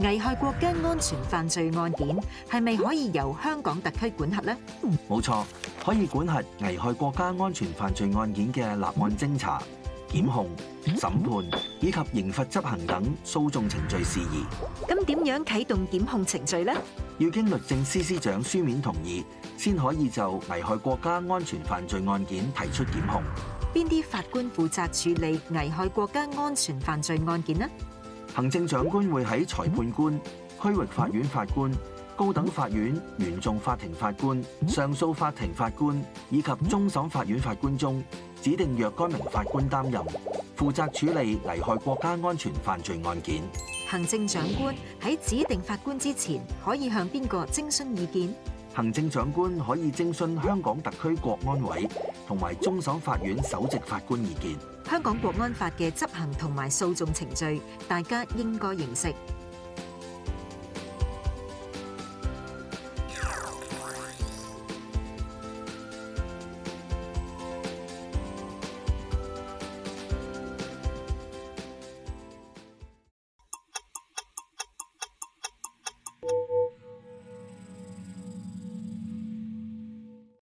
危害國家安全犯罪案件係咪可以由香港特區管轄呢？冇錯，可以管轄危害國家安全犯罪案件嘅立案、偵查、檢控、審判，以及刑罰執行等訴訟程序事宜。咁點樣啟動檢控程序呢？要經律政司司長書面同意，先可以就危害國家安全犯罪案件提出檢控。邊啲法官負責處理危害國家安全犯罪案件呢？行政長官會喺裁判官、區域法院法官、高等法院原訟法庭法官、上訴法庭法官以及終審法院法官中指定若干名法官擔任，負責處理危害國家安全犯罪案件。行政長官喺指定法官之前，可以向邊個徵詢意見？行政長官可以徵詢香港特區國安委同埋終審法院首席法官意見。香港國安法嘅執行同埋訴訟程序，大家應該認識。